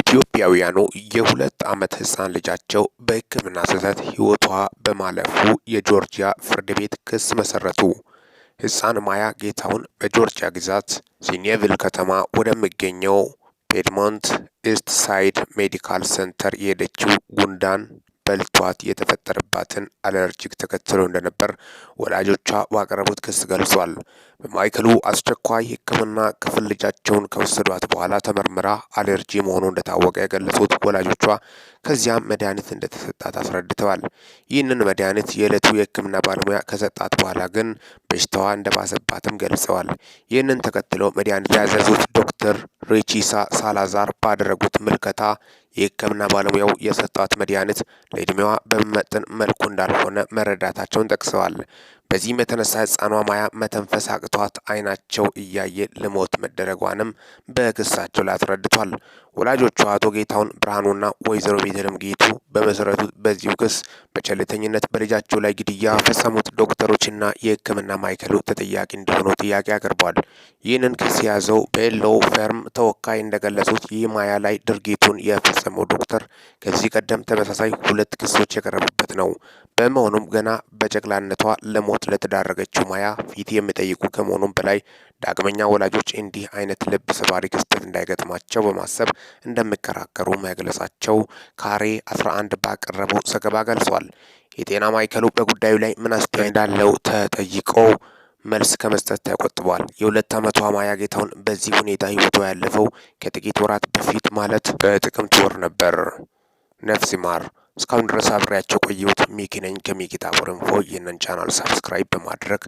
ኢትዮጵያውያኑ የሁለት ዓመት ሕፃን ልጃቸው በህክምና ስህተት ህይወቷ በማለፉ የጆርጂያ ፍርድ ቤት ክስ መሰረቱ። ሕፃን ማያ ጌታውን በጆርጂያ ግዛት ሲኔቪል ከተማ ወደሚገኘው ፔድሞንት ኢስት ሳይድ ሜዲካል ሴንተር የሄደችው ጉንዳን በልቷት የተፈጠረባትን አለርጂክ ተከትሎ እንደነበር ወላጆቿ ባቀረቡት ክስ ገልጿል። በማዕከሉ አስቸኳይ ሕክምና ክፍል ልጃቸውን ከወሰዷት በኋላ ተመርምራ አለርጂ መሆኑ እንደታወቀ የገለጹት ወላጆቿ ከዚያም መድኃኒት እንደተሰጣት አስረድተዋል። ይህንን መድኃኒት የዕለቱ የሕክምና ባለሙያ ከሰጣት በኋላ ግን በሽታዋ እንደባሰባትም ገልጸዋል። ይህንን ተከትሎ መድኃኒት ያዘዙት ዶክተር ሬቺሳ ሳላዛር ባደረጉት ምልከታ የሕክምና ባለሙያው የሰጣት መድኃኒት እድሜዋ በሚመጥን መልኩ እንዳልሆነ መረዳታቸውን ጠቅሰዋል። በዚህም የተነሳ ህፃኗ ማያ መተንፈስ አቅቷት አይናቸው እያየ ልሞት መደረጓንም በክሳቸው ላይ አስረድቷል። ወላጆቹ አቶ ጌታሁን ብርሃኑና ወይዘሮ ቤተልሔም ጌቱ በመሰረቱ በዚሁ ክስ በቸልተኝነት በልጃቸው ላይ ግድያ ፈጸሙት ዶክተሮችና የህክምና ማዕከሉ ተጠያቂ እንደሆኑ ጥያቄ አቅርቧል። ይህንን ክስ የያዘው በኤሎው ፈርም ተወካይ እንደገለጹት ይህ ማያ ላይ ድርጊቱን የፈጸመው ዶክተር ከዚህ ቀደም ተመሳሳይ ሁለት ክሶች የቀረቡበት ነው። በመሆኑም ገና በጨቅላነቷ ለሞት ለሞት ለተዳረገችው ማያ ፊት የሚጠይቁ ከመሆኑም በላይ ዳግመኛ ወላጆች እንዲህ አይነት ልብ ሰባሪ ክስተት እንዳይገጥማቸው በማሰብ እንደሚከራከሩ መግለጻቸው ካሬ 11 ባቀረበው ዘገባ ገልጿል። የጤና ማዕከሉ በጉዳዩ ላይ ምን አስተያየት እንዳለው ተጠይቆ መልስ ከመስጠት ተቆጥቧል። የሁለት ዓመቷ ማያ ጌታውን በዚህ ሁኔታ ህይወቷ ያለፈው ከጥቂት ወራት በፊት ማለት በጥቅምት ወር ነበር። ነፍስ ይማር። እስካሁን ድረስ አብሬያቸው ቆየሁት። ሚኪ ነኝ ከሚኪታ ቦረንፎ። ይህንን ቻናል ሰብስክራይብ በማድረግ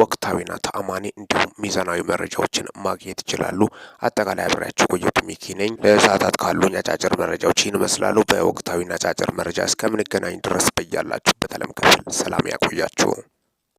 ወቅታዊና ተአማኒ እንዲሁም ሚዛናዊ መረጃዎችን ማግኘት ይችላሉ። አጠቃላይ አብሬያቸው ቆየሁት ሚኪ ነኝ። ለሰዓታት ካሉኝ አጫጭር መረጃዎች ይህን ይመስላሉ። በወቅታዊና አጫጭር መረጃ እስከምንገናኝ ድረስ በያላችሁበት ዓለም ክፍል ሰላም ያቆያችሁ።